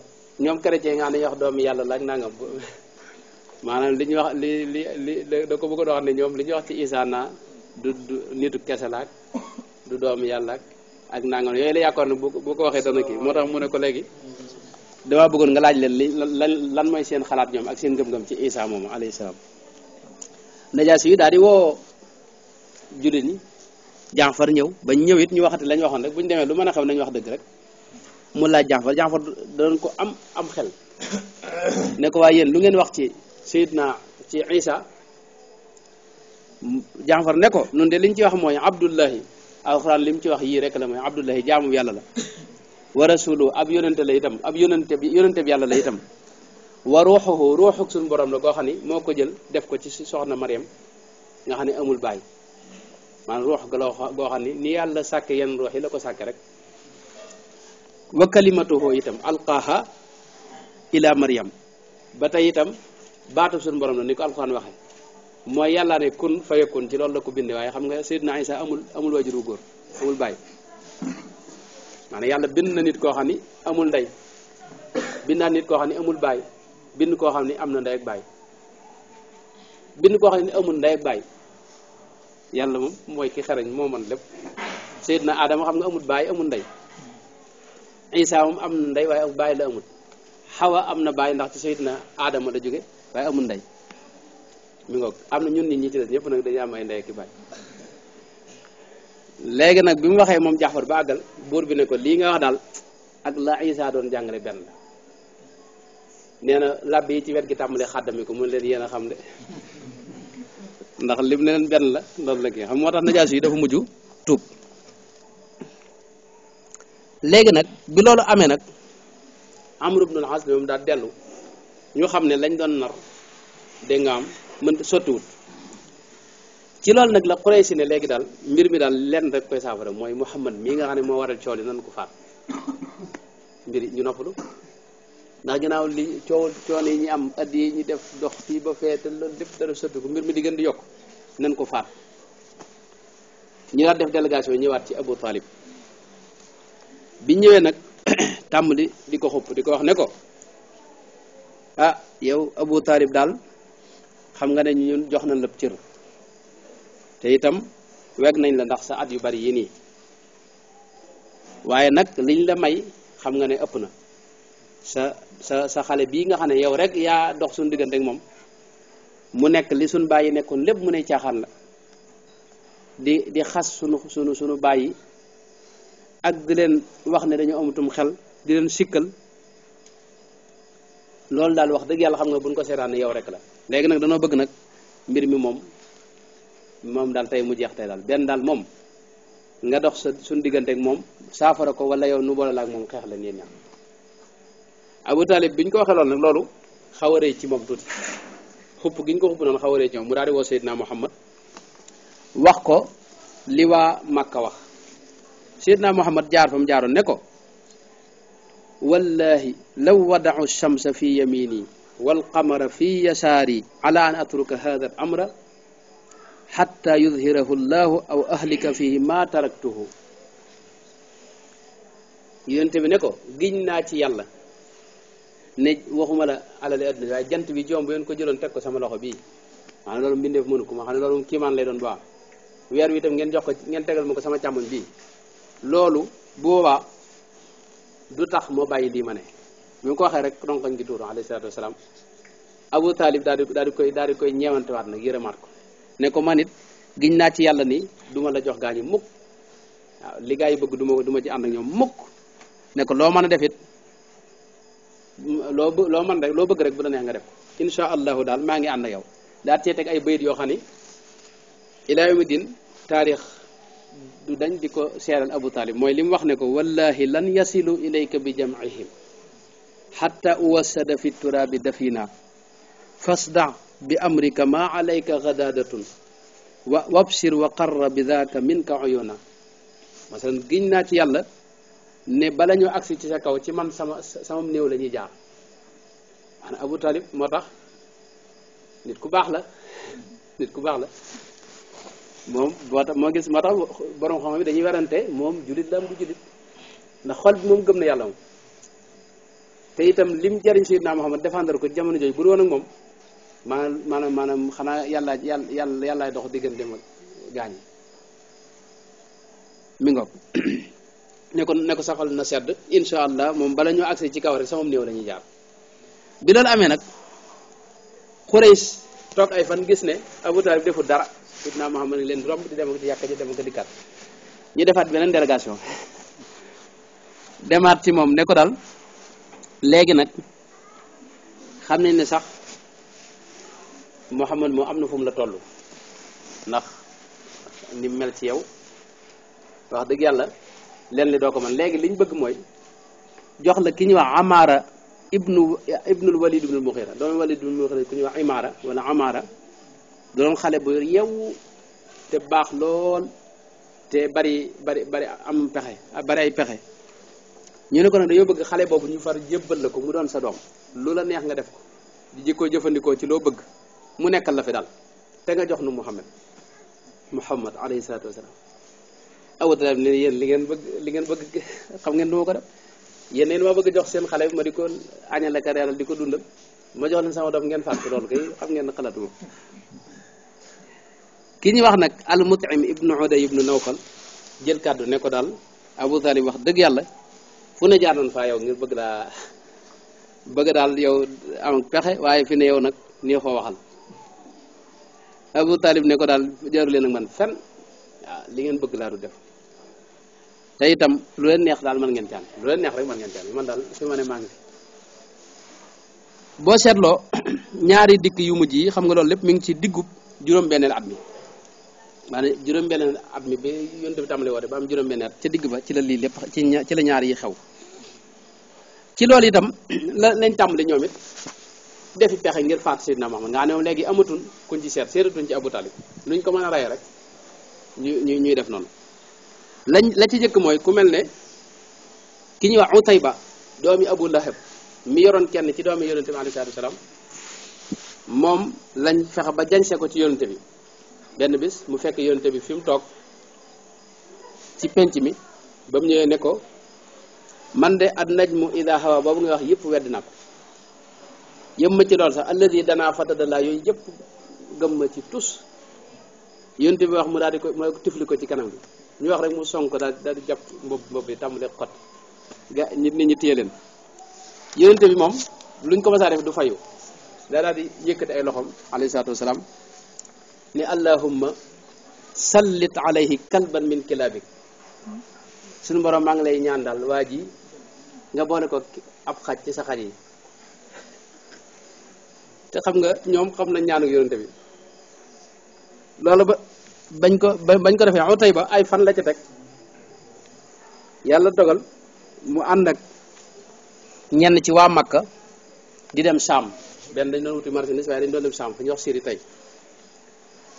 ñoom chrétien nga xam ne wax doomi yàlla la ak nangam maanaam li ñu wax li li li da ko bëgg a wax ne ñoom li ñu wax ci isana du du nitu kese la du doomi yàlla ak ak nangam yooyu la yaakaar bu bu ko waxee dana kii moo tax mu ne ko léegi dama bëggoon nga laaj leen li lan lan mooy seen xalaat ñoom ak seen gëm-gëm ci isa moomu alayhi salaam najaas yi daal di woo jullit ñi jànfar ñëw bañ ñëw it ñu waxati lañ waxoon rek bu ñu demee lu mën a xam nañ wax dëgg rek mu laaj Jaafar Jaafar danañ ko am am xel nekko ko waaye lu ngeen wax ci na ci Isa Jaafar ne ko nun de liñ ci wax mooy Abdullahi alxuraan li mu ci wax yii rek la mooy Abdullahi jaamu yàlla la wa rasulu ab yonente la itam ab yonente bi yonente bi yàlla la itam wa ruuxuhu ruuxuk sun borom la koo xam ni moo ko jël def ko ci na Mariam nga xam ne amul baay maanaam ruux goo xam ni ni yàlla sàkk yenn ruux la ko sàkk rek wa kalimatuhu itam alqaaha ila maryam ba tey itam baatab suñu borom la ni ko alquran waxe mooy yàlla ne kun fayakun ci loolu la ko bindee waaye xam nga Seydina naa amul amul waajur wu góor amul yàlla bind na nit koo xam ni amul ndey bind nit koo xam ni amul baay bind koo xam ni am na ndey ak baay bind koo xam amul ndey ak baay yàlla moom mooy ki xereñ moo mën lépp Seydina Adama xam nga amul baay amul ndey Isa moom am na ndey waaye ak bàyyi la amul xawa am na bàyyi ndax ci na Adama la jóge waaye amul ndey mi ngoog am na ñun nit ñi ci des ñëpp nag dañu am ay ndey ak i léegi nag bi mu waxee moom Jaafar ba àggal buur bi ne ko lii nga wax daal ak la Isa doon jàngale benn la nee na làbbe ci wet gi tàmbalee xàddami ko mu yéen a xam de ndax lim ne benn la loolu la kii xam moo tax najaas yi dafa mujj tuub léegi nag bi loolu amee nag Amr ibn al-As moom daal dellu ñu xam ne lañ doon nar dégg nga am mënut sottiwut ci loolu nag la Quraysh ne léegi daal mbir mi daal lenn rek koy saafara mooy Muhammad mii nga xam ne moo waral coow li nan ko faat mbir ñu noppalu ndax ginnaaw li coow coono yi ñu am at yi ñu def dox fii ba fee te loolu def dara sotti ko mbir mi di gën di yokk nan ko faat ñu daal def délégation waat ci Abu Talib bi ñëwee nag tàmbali di ko xupp di ko wax ne ko ah yow abu taalib daal xam nga ne ñun jox nañ la cër te itam weg nañ la ndax sa at yu bari yi nii waaye nag liñ la may xam nga ne ëpp na sa sa sa xale bii nga xam ne yow rek yaa dox suñu diggante moom mu nekk li suñu bàyyi nekkoon lépp mu ne caaxaan la di di xas sunu sunu sunu bàyyi ak di leen wax ne dañu amatum xel di leen sikkal loolu daal wax dëgg yàlla xam nga buñ ko seetaan yow rek la léegi nag danoo bëgg nag mbir mi moom moom daal tey mu jeex tey daal benn daal moom nga dox sa suñ diggante ak moom saafara ko wala yow nu boole la ak moom xeex la yéen ñaan Abu Talib biñ ko waxee loolu nag loolu xaw a ci moom tuuti xupp giñ ko xupp noonu xaw a ci moom mu daal di woo Muhammad wax ko li waa Makka wax Seydina Muhammad jaar fa mu jaaroon ne ko wallahi law wadau shamsa fi yamini walqamara fi yasaari ala an atruka hada al amra xatta yudhirahu ne ko giñ naa ci yàlla ne waxuma la alali adduna waaye jant bi jomb yéen ko jëloon teg ko sama loxo bii maanaam loolu mbindeef mënu ko ma xam ne loolu doon ba weer wi itam ngeen jox ko ngeen tegal ma ko sama càmmoñ bii loolu boobaa du tax moo bàyyi lii ma ne bi mu ko waxee rek ronkoñ gi tuuru alayhi salaatu wasalaam abu taalib daal di koy daal di koy ñeewantewaat nag yërëmaat ko ne ko man giñ naa ci yàlla ni du ma la jox ñi mukk waaw li yi bëgg duma ma du ma ci ànd ak ñoom mukk ne loo mën a def it loo loo mën rek loo bëgg rek bu la neex nga def insha allahu daal maa ngi ànd ak yow daal cee ay bayit yoo xam ni ilaa taarix du dañ di ko seeral abu taalib mooy li mu wax ne ko wallahi lan yasilu ilayka bi jamcihim xatta uwasada fi turaabi dafina fasda bi amrika ma alayka gadaadatun wa wabsir wa qarra bi daaka minka uyuna masalan giñ naa ci yàlla ne bala ñoo agsi ci sa kaw ci man sama sama néew la ñuy jaar ana abu talib moo tax nit ku baax la nit ku baax la moom moo tax moo gis moo tax borom xam-xam yi dañuy werante moom jullit la am du jullit ndax xol bi moom gëm na yàlla moom te itam lim jariñ Seydina Muhammad défendre ko jamono jooju bu doon ak moom maanaam xanaa yàlla yàlla yàlla yàllaay dox diggante ma gaañ mi ngoog ne ko ne ko na sedd insha allah moom bala ñoo agsi ci kaw rek sama néew la ñuy jaar bi loolu amee nag Xurays toog ay fan gis ne Abu Taalib deful dara sidna Muhammad leen romb di dem ak di yàkka ji dem ak di kat ñu defaat beneen délégation demaat ci moom ne ko daal léegi nag xam nañ ne sax Muhammad moo am na fu mu la toll ndax ni mel ci yow wax dëgg yàlla leen li doo ko mën léegi liñ bëgg mooy jox la ki ñuy wax Amara ibnu ibnul Walid ibnul Muxira doomu Walid ibnul Muxira ku ñuy wax Imara wala Amara دون خالي بو ريو تي باخ لول تي باري باري باري ام pexe bari ay pexe ني نكون دا nag dañoo bëgg xale boobu ñu far jébbal la ko mu doon sa doom nga def ko di jikko jefandiko ci lo beug mu nekkal la fi dal te nga jox nu muhammad muhammad alayhi salatu wasalam aw dal ni yéen li ngeen beug li ngeen beug xam ngeen do ko def yéen yéen ma beug jox seen xale ma diko ko añal ka reeral diko dundal ma jox len sama dom ngeen fàtte lol kay xam ngeen xalatu ki ñu wax nag al mutim ibnu uday ibnu nawfal jël kàddu ne daal abu talib wax dëgg yàlla fu ne jaar nañ faa yow ngir bëgg laa bëgg daal yow am pexe waaye fi ne yow nag nii koo waxal abu talib nekko daal jaru leen ak man fen waaw li ngeen bëgg laa du def te lu leen neex daal mën ngeen caan lu leen neex rek mën ngeen caan man daal fi ma ne maa ngi boo seetloo ñaari dikk yu mujj yi xam nga loolu lépp mi ngi ci diggub juróom-benneel at mi maanaam juróom-benn at mi ba yonte bi tàmbali woote ba am juróom-benn at ca digg ba ci la lii lépp ci ci la ñaar yi xew ci loolu itam la lañ tàmbali ñoom it defi pexe ngir faat na Muhammad nga ne moom léegi amatuñ kuñ ci seet seetatuñ Abu Talib luñ ko mën a rey rek ñuy def noonu lañ la ci jëkk mooy ku mel ne ki ñuy wax Utayba doomi Abu Lahab mi yoroon kenn ci doomi yonente bi alayhi salaatu wa salaam moom lañ fexe ba jañse ko ci yonente bi benn bis mu fekk yoonte bi fi mu toog ci penc mi ba mu ñëwee ne ko man de ad najmu ida hawa boobu nga wax yépp wedd na ko ci lool sax alladi danaa fatadala yooyu yëpp gëm ma ci tus yonente bi wax mu daal di ko mooy tifli ko ci kanam bi ñu wax rek mu sonk daal daal di jàpp mbob mbob bi tàmbalee xot ga nit ñi téye leen yonente bi moom luñ ko masaa def du fayu daa daal di yëkkati ay loxom alayhi salaatu wasalaam ni allahumma sallit alayhi kalban min kilabik sunu borom mang ngi lay ñaan daal waa nga boole ko ab xaj ci sa xaj yi te xam nga ñoom xam na ñaanu yoonte bi loolu ba bañ ko bañ ko defee tey ba ay fan la ca teg yàlla dogal mu ànd ak ñenn ci waa makka di dem sam benn dañ doon wuti marchandise waaye dañ doon dem saam fu ñu wax siri tey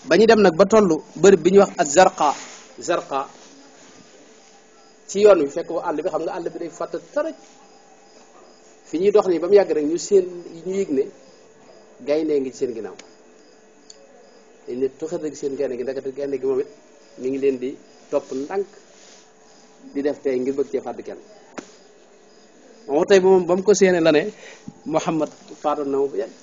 ba ñu dem nag ba toll bërëb bi ñuy wax ak zarqa zarqa ci yoon wi fekk àll bi xam nga àll bi day fàtt taraj fi ñuy dox nii ba mu yàgg rek ñu seen ñu yëg ne gaynde ngi ci seen ginnaaw dañ ne tuxat gi seen gaynde gi ndakate gaynde gi moom it ngi leen di topp ndànk di def tey ngir bëgg cee fàdd kenn moom moom ba mu ko séenee la ne Muhammad faatoon na mu bu yàgg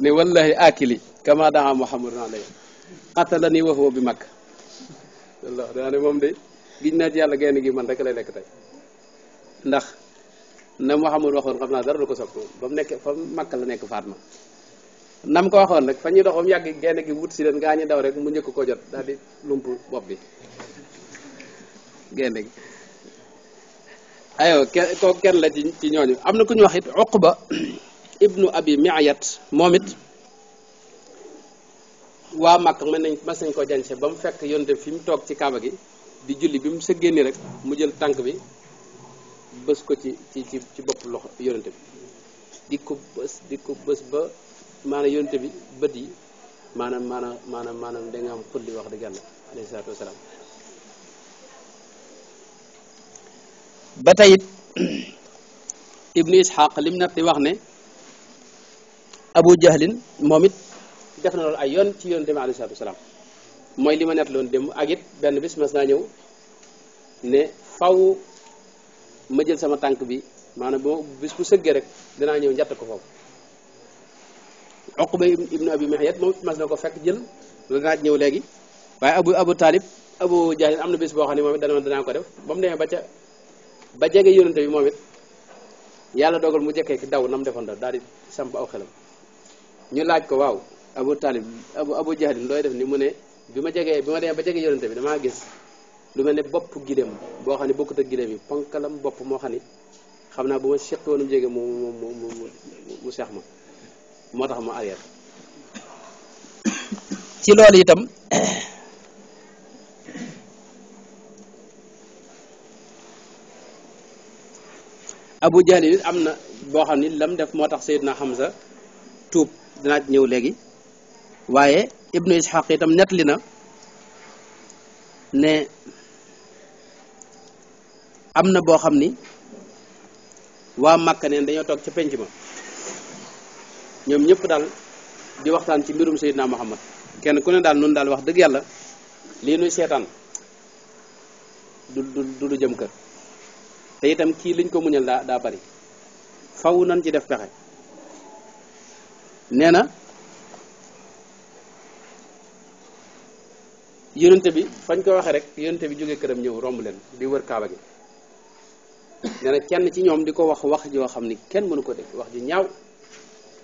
ni wallahi akili kama daa muhammadun alayhi xatala ni waxoo bi makk wallah moom de giñ naa yàlla gaynde gi man rek lay lekk tey ndax na muhammad waxoon xam naa dara du ko sopp moom ba mu nekk fa makk la nekk Fatma nam ko waxoon rek fa ñuy dox yàgg gaynde gi wut si leen gaa ñi daw rek mu njëkk ko jot daal di lump bopp bi gaynde gi aywa kenn la ci ñooñu am na ku ñu wax it uqba ibnu abi miayat moom it waa Màkka mën nañ mas nañ ko jance ba mu fekk yonte fi mu toog ci kaaba gi di julli bi mu sa nii rek mu jël tànk bi bës ko ci ci ci bopp loxo yonte bi di ko bës ba maanaam yonte bi bët yi maanaam maanaam maanaam maanaam da nga am xulli wax dëgg yàlla alayhi salaatu wasalaam ba tey it ibnu ishaq lim natti wax ne abu jahlin moom it def na loolu ay yoon ci yoon tamit alayhi salaatu wasalaam mooy li ma net loon dem ak it benn bis mes naa ñëw ne faw ma jël sama tànk bi maanaam boo bis bu sëggee rek danaa ñëw njatt ko foofu ba ibnu abi Mihiyat moom mas na ko fekk jël loolu danaa ñëw léegi waaye abu abu taalib abu jahlin am na bis boo xam ne moom it danaa ko def ba mu demee ba ca ba jege yonante bi moom it yàlla dogal mu jekkee ki daw nam defoon daal di samp aw xelam ñu laaj ko waaw abu talib abu abu jahlin looy def ni mu ne bi ma jegee bi ma demee ba jege yonente bi damaa gis lu mel ne bopp gileem boo xam ne bokkut ak gileem yi ponkalam bopp moo xam ne xam naa bu ma seq mu mu mu mu seex ma moo tax mu arrière ci loolu itam abu jahlin it am na boo xam ni lam def moo tax xam sa tuub dinaa ñëw léegi waaye ibnu ishaq itam li na ne am na boo xam ni waa Màkka neen dañoo toog ci penc ma ñoom ñëpp daal di waxtaan ci mbirum Seydina Muhammad kenn ku ne daal nun daal wax dëgg yàlla lii nuy seetaan du du du jëm kër te itam kii liñ ko muñal daa daa bari fawu nan ci def pexe nee na yonente bi fañ ko waxee rek yonente bi jóge këram ñëw romb leen bi wër kaaba gi nee kenn ci ñoom di ko wax wax joo xam ni kenn mënu ko dégg wax ju ñaaw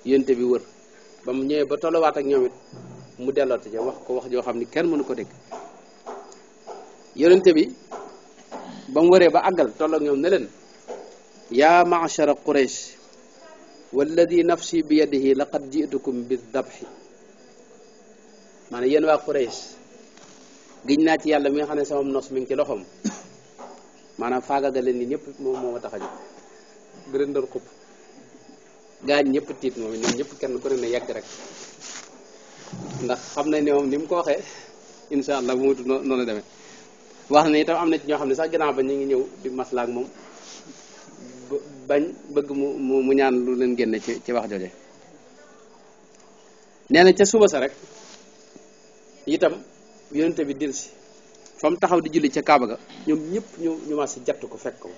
yonente bi wër ba mu ñëwee ba tolluwaat ak ñoom mu dellooti ca wax ko wax joo xam ni kenn mënu ko dégg yonente bi ba mu wëree ba àggal toll ñoom ne leen yaa maachara quraish di walladi si bi yadihi laqad jiitukum bi dabxi maanaam yéen waa Quraysh giñ naa ci yàlla mi nga xam ne sama nos mu ngi ci loxoom maanaam faagaga leen ni ñëpp moom moo ma tax a jóg gërëm doon xupp ñëpp tiit moom ñoom ñëpp kenn ku ne ne yàgg rek ndax xam nañ ne moom ni mu ko waxee incha allah bu mu noonu la demee wax na itam am na ci ñoo xam ne sax gannaaw ba ñu ngi ñëw di maslaa moom. bañ bëgg mu mu ñaan lu leen génne ci ci wax joje nee na ca suba sa rek itam yonente bi delsi fa taxaw di julli ca Kaaba ga ñoom ñëpp ñu ñu ma si jatt ko fekk ko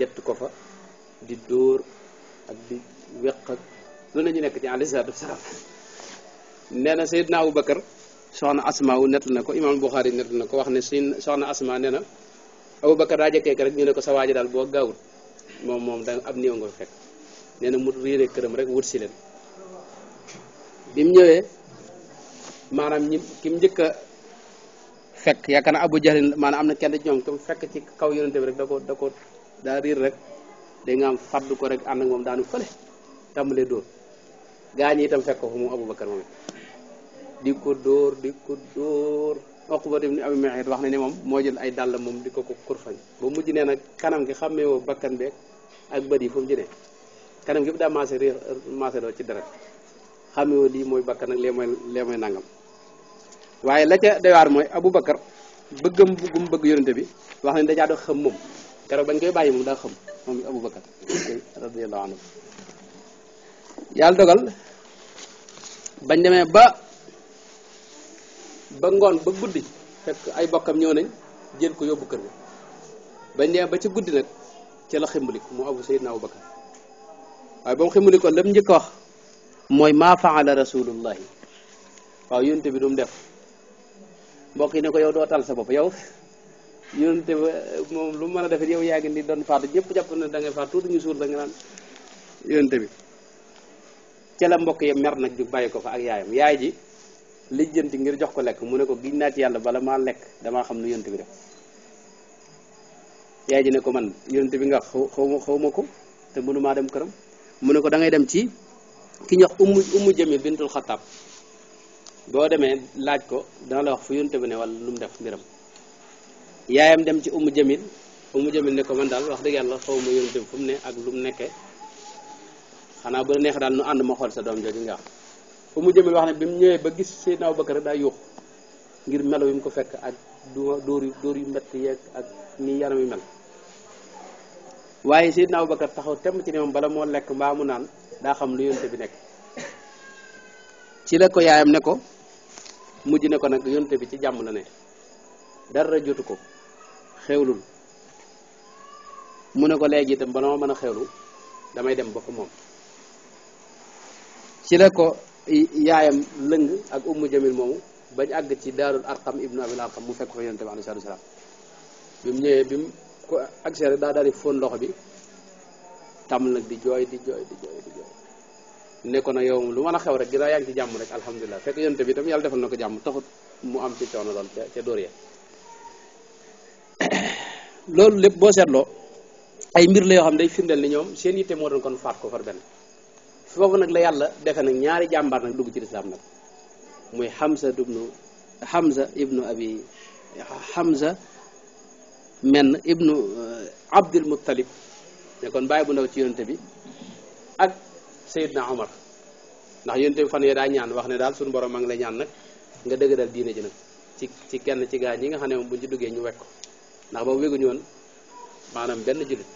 jatt ko fa di dóor ak di weq ak lu ne ñu nekk ci alayhi salaatu wasalaam nee na Seydina Abubakar soxna Asma wu nett na ko imaam Buxaari nett na ko wax ne suñ soxna Asma nee na Abubakar daa jekkee rek ñu ne ko sa waaji daal boo gaawut moom moom da ab néew nga fekk nee na mu réere këram rek wut si leen bi mu ñëwee maanaam ñi ki njëkk fekk yaakaar na abu jahlin maanaam am na kenn ci ñoom tam fekk ci kaw yonente bi rek da ko da ko riir rek da nga am fàddu ko rek ànd ak moom daanu fële tàmbalee dóor gaañ yi itam fu mu abubakar moom di ko dóor di ko Uqba ibn Abi Mu'ayt wax na ne moom moo jël ay dàll moom di ko ko kurfañ ba mujj nee nag kanam gi xàmmeewoo bakkan beeg ak bët yi fu mu jëlee kanam gi yëpp daa maase réer maase doo ci deret xàmmeewoo lii mooy bakkan ak lee mooy lee mooy nangam waaye la ca dewaar mooy abu Aboubacar bëggam bëggum bëgg yonente bi wax nañ dajaa dox xam moom keroog bañ koy bàyyi moom daa xam moom Aboubacar radiyallahu anhu yàlla dogal bañ demee ba ba ngoon ba guddi fekk ay bokkam ñëw nañ jël ko yóbbu kër bi bañ nee ba ci guddi nag ci la mu abu sayidna abu bakar waaye ba mu ximbuliko ko njëkk wax mooy maa faala rasulullahi waaw yonte bi du mu def mbokk yi ne ko yow doo tal sa bopp yow yonte ba moom lu man a defee yow yaa ngi ni doon faatu ñëpp jàpp na da ngay faatu ñu suur da nga naan yonte bi ca la mbokk yi mer nag ñu bàyyi ko fa ak yaayam yaay ji lijjanti ngir jox ko lekk mu ne ko giñ naa ci yàlla bala maa lekk damaa xam nu yonent bi def ji ne ko man yonent bi nga xaw ma xaw ma ko te mënumaa dem këram mu ne ko da dem ci ki ñuy wax ummu ummu jëmi bintul xataab boo demee laaj ko dana la wax fu yonent bi ne wala lu mu def mbiram yaayam dem ci umu jamil umu jamil ne ko man daal wax dëgg yàlla xaw ma yonent bi fum ne ak lu mu nekkee xanaa bu la neex daal nu ànd ma xool sa doom jooju nga fu mu jëmel wax ne bi mu ñëwee ba gis Seydina Abubakar daa yuux ngir melo yi mu ko fekk ak door yu door yu mbett yeeg ak ni yaram yi mel waaye Seydina Abubakar taxaw temm ci ne moom bala moo lekk mbaa mu naan daa xam lu yonte bi nekk ci la ko yaayam ne ko mujj ne ko nag yonte bi ci jàmm la ne dara jotu ko xewlul mu ne ko léegi itam bala ma mën xewlu damay dem ba ci la ko yaayam lëng ak ummu jamil moomu bañ àgg ci daarul arqam ibnu abil arqam mu fekk fa yonente bi alayhi salaam bi mu ñëwee bi mu ko accès rek daa daal di fóon loxo bi tam nag di jooy di jooy di jooy di jooy ne ko nag yow lu mën a xew rek ginnaaw yaa ngi ci jàmm rek alhamdulilah fekk yonente bi itam yàlla defal na ko jàmm taxut mu am ci coono doon ca ca dóor loolu lépp boo seetloo ay mbir la yoo xam ne day firndeel ni ñoom seen yitte moo doon kon faat ko far foofu nag la yàlla defe nag ñaari jàmbaar nag dugg ci lislaam nag muy Hamza ibnu Hamza ibnu abi Hamza menn ibnu eh, Abdul Muttalib ne kon bàyyi bu ndaw ci yonte bi ak Seydina Omar ndax yonte bi fan yee daa ñaan wax ne daal suñu borom a lay ñaan nag nga dëgg dal diine ji nag ci ci kenn ci gaa ñi nga xam ne moom buñ ci duggee ñu wekk ndax boobu wéguñu woon maanaam benn jullit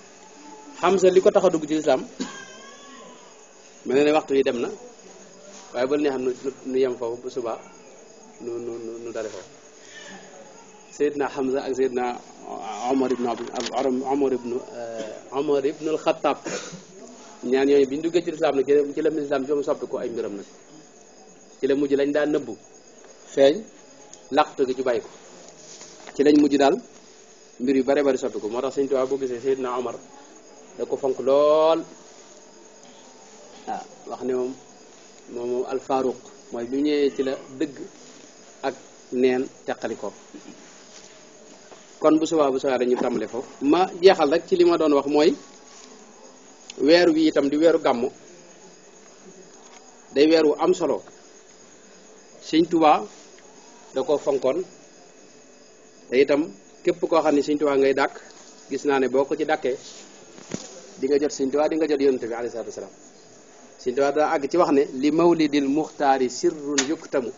Hamza li ko tax dugg ci lislaam mel na ne waxtu yi dem na waaye ba neexam nu nu yem foofu bu subaa nu nu nu dale foofu Seydina Hamza ak Seydina Omar ibnu Omar ibnu Omar ibnu eh, al-Khattab ñaan yooyu bi ñu duggee ci lislaam nag ci la lislaam ci mu soppi ko ay mbiram nag ci la mujj lañ daan nëbbu feeñ làqatu gi ci bàyyi ko ci lañ mujj daal mbir yu bare bari soppi ko moo tax Sëñ Tuubaa boo gisee Seydina Omar da ko fonk lool waaw ah, wax ne moom moom moom alfaaruq mooy bi ñëwee ci la dëgg ak neen teqali ko kon bu subaa bu subaa dañu tàmbale foofu ma jeexal rek ci li ma doon wax mooy weer wi itam di weeru gàmmu day weer wu am solo sëñ Tuubaa da ko fonkoon te itam képp ko xam ne sëñ Tuubaa ngay dàkk gis naa ne boo ko ci dàkkee di nga jot sëñ Tuubaa di nga jot yonent bi alayhi salaatu wasalaam Sëñ Tuubaa daa àgg ci wax ne li mawlidil muxtaari sirrun yuktamu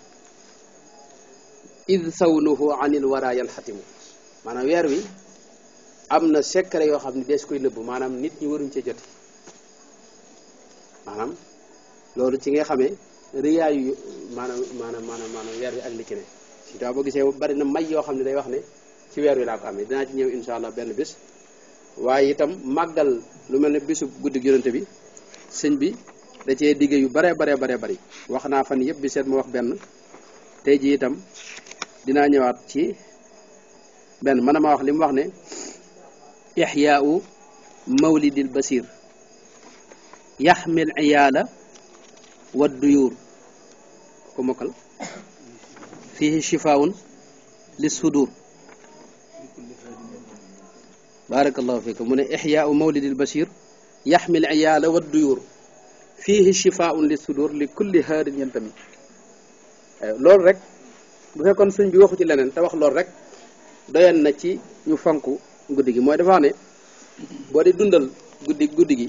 id sawnuhu anil wara yanxatimu maanaam weer wi am na secret yoo xam ne dees koy nëbbu maanaam nit ñi waruñ cee jote maanaam loolu ci nga xamee riyaayu maanaam maanaam maanaam maanaam weer wi ak li ci ne Sëñ Tuubaa boo gisee bari na may yoo xam ne day wax ne ci weer wi laa ko amee dinaa ci ñëw insha allah benn bis waaye itam màggal lu mel ni bisu guddi Yonent bi sëñ bi da cee digge yu bare bare bare bare wax naa fan yëpp bi seet mu wax benn tey ji itam dinaa ñëwaat ci benn mën ma wax li mu wax ne ixyaau mawlidil basir yaxmil iyaala wa duyuur ko mokkal fihi shifaun lis sudur barakallahu fikum mu ne ixyaau mawlidil basir yaxmil iyaala wa fiihi shifaun li sudur li kulli haarin yantami loolu rek bu fekkoon sëñ bi waxu ci leneen te wax loolu rek doyan na ci ñu fonk guddi gi mooy dafa ne boo di dundal guddi guddi gi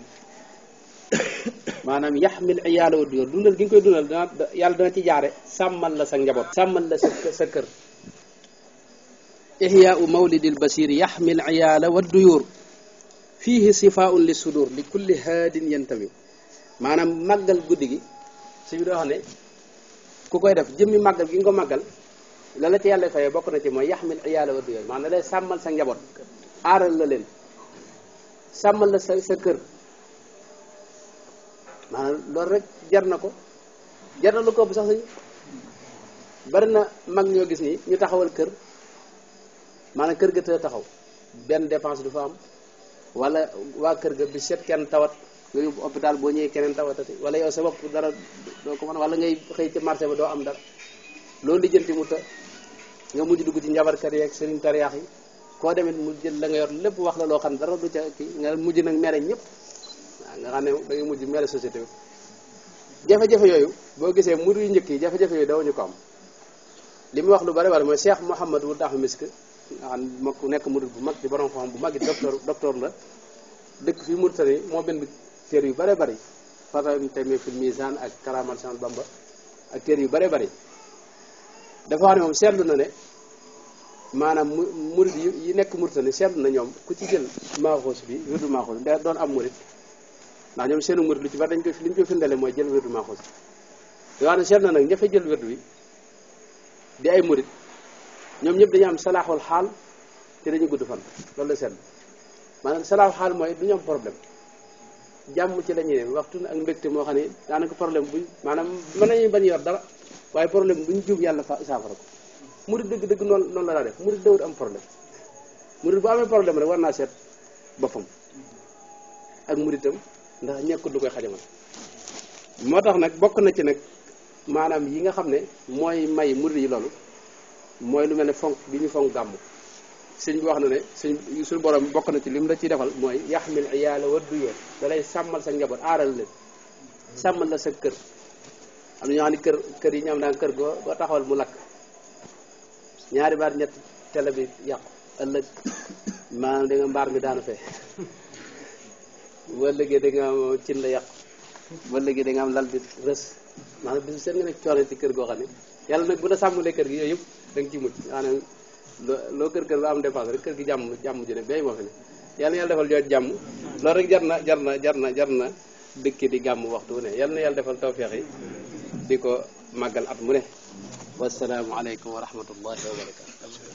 maanaam yaxmil iyaala wa duyóor dundal gi nga koy dundal dana yàlla dana ci jaare sàmmal la sa njaboot sàmmal la sa sa kër ihyaau mawlidil basir yaxmil iyaala wa duyóor fiihi sifaun li sudur li kulli haadin yantami maanaam màggal guddi gi su ñu doo xam ne ku koy def jëmmi màggal gi nga ko màggal la la ci yàlla fayee bokk na ci mooy yaxmil iyaala waddu yooyu maanaam lay sàmmal sa njaboot aaral la leen sàmmal la sa sa kër maanaam loolu rek jar na ko jar na lu ko bu sax sañ bari na mag ñoo gis ni ñu taxawal kër maanaam kër ga te taxaw benn dépense du fa am wala waa kër ga bi kenn tawat nga yóbbu hôpital boo ñëwee keneen tawatati wala yow sa dara doo ko mën wala ngay xëy ci marché ba doo am dara loolu lijjanti mu të nga mujj dugg ci njabarkat yeeg sëriñ tariyaax yi koo demit mu jël la nga yor lépp wax la loo xam dara du ca kii nga mujj nag mere ñëpp nga xam ne da ngay mujj mere société bi jafe-jafe yooyu boo gisee yu njëkk yi jafe-jafe yooyu dawuñu ko am li mu wax lu mooy cheikh taxu misk nga nekk murid bu mag di borom xam bu mag docteur docteur la dëkk fii murtani moo bind téere yu bare bari Fathul Taymiya fil Mizan ak Karaamal Sëñ Bamba ak téere yu bare bari dafa wax ne moom seetlu na ne maanaam murid yi nekk Mauritanie seetlu na ñoom ku ci jël maaxoos bi wirdu maaxoos da doon am murid ndax ñoom seenu murid lu ci bari dañ koy li ñu koy firndale mooy jël wirdu maaxoos bi dafa ne na nag ña jël wirdu bi di ay murid ñoom ñëpp dañu am salaaxul xaal te dañu gudd fan loolu la seetlu maanaam salaaxul xaal mooy du ñu problème jàmm ci la ñuy dem waxtu ak mbégte moo xam ne daanaka problème buñ maanaam mën nañu bañ yor dara waaye problème ñu jub yàlla saafara ko murid dëgg dëgg noonu noonu la daa def murid dawut am problème murid bu amee problème rek war naa seet boppam ak muridam ndax ñekkut lu koy xajamal moo tax nag bokk na ci nag maanaam yi nga xam ne mooy may murid yi loolu mooy lu mel ne fonk bi ñu fonk gàmmu sëñ bi wax na ne suñ suñu borom bokk na ci lim la ciy defal mooy yaxmil iyaala wa duyóor da lay sàmmal sa njaboot aaral leen sàmmal la sa kër am na ñoo xam ne kër kër yi ñu am daan kër goo goo taxawal mu lakk ñaari baat ñett télé yàqu ëllëg maanaam mbaar mi daanu fee bu ëllëgee da cin la yàqu bu ëllëgee da am lal bi rës maanaam bisu seen nga nekk coono ci kër goo xam ne yàlla nag bu la sàmmalee kër gi yooyu yëpp da ci mucc loo kër kër ba am dépense rek kër gi jàmm jàmm ju ne béy moo fi ne yàlla na yàlla defal jooju jàmm loolu rek jar na jar na jar na jar na dëkk di gàmm waxtu ne yàlla na yàlla defal tawfeex yi di ko màggal at mu ne wasalaamualeykum wa rahmatullahi wa barakatu